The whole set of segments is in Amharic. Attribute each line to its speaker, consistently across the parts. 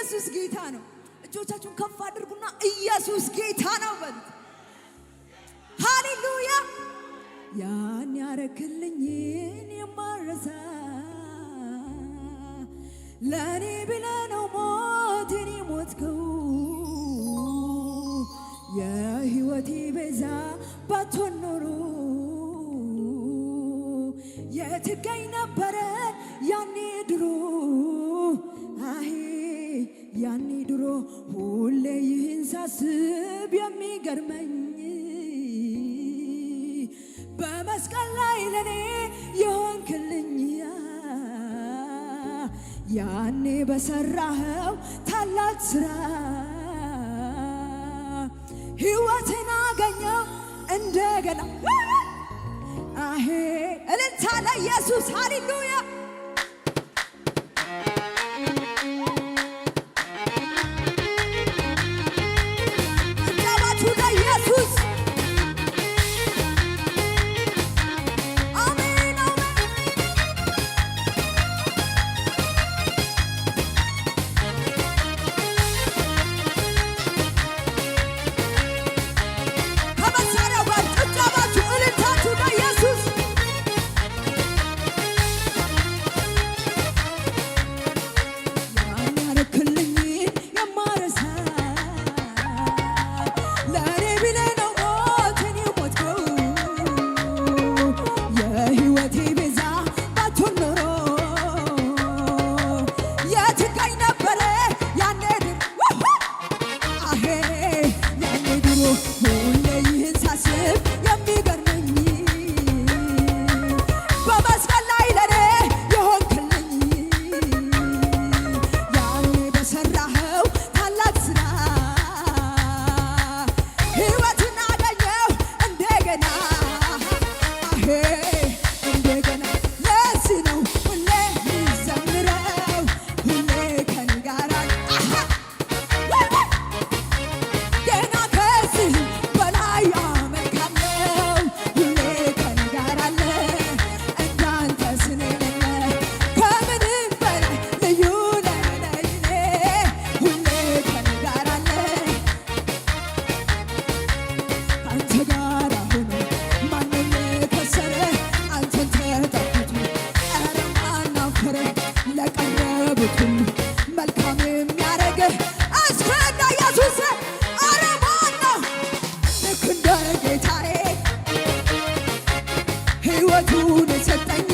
Speaker 1: ኢየሱስ ጌታ ነው። እጆቻችሁን ከፍ አድርጉና ኢየሱስ ጌታ ነው በሉት። ሃሌሉያ ያን ያረክልኝን የማረሳ ለእኔ ብለህ ነው ሞትን የሞትከው የህይወቴ ቤዛ ባትሆን ኖሮ የትገኝ ነበረ ያኔ ድሮ ያኔ ድሮ ሁሌ ይህን ሳስብ የሚገርመኝ በመስቀል ላይ ለኔ የሆንክልኝ ያኔ በሰራኸው ታላቅ ስራ ሕይወትን አገኘው እንደገና አሄ እልልታ ለኢየሱስ ሃሌሉያ ምህረቱን የሰጠኝ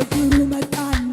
Speaker 1: ችግሩ መጣና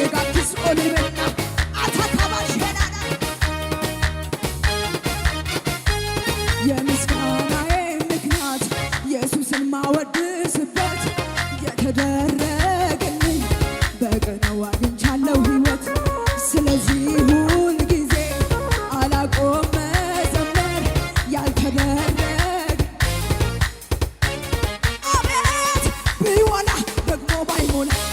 Speaker 1: one.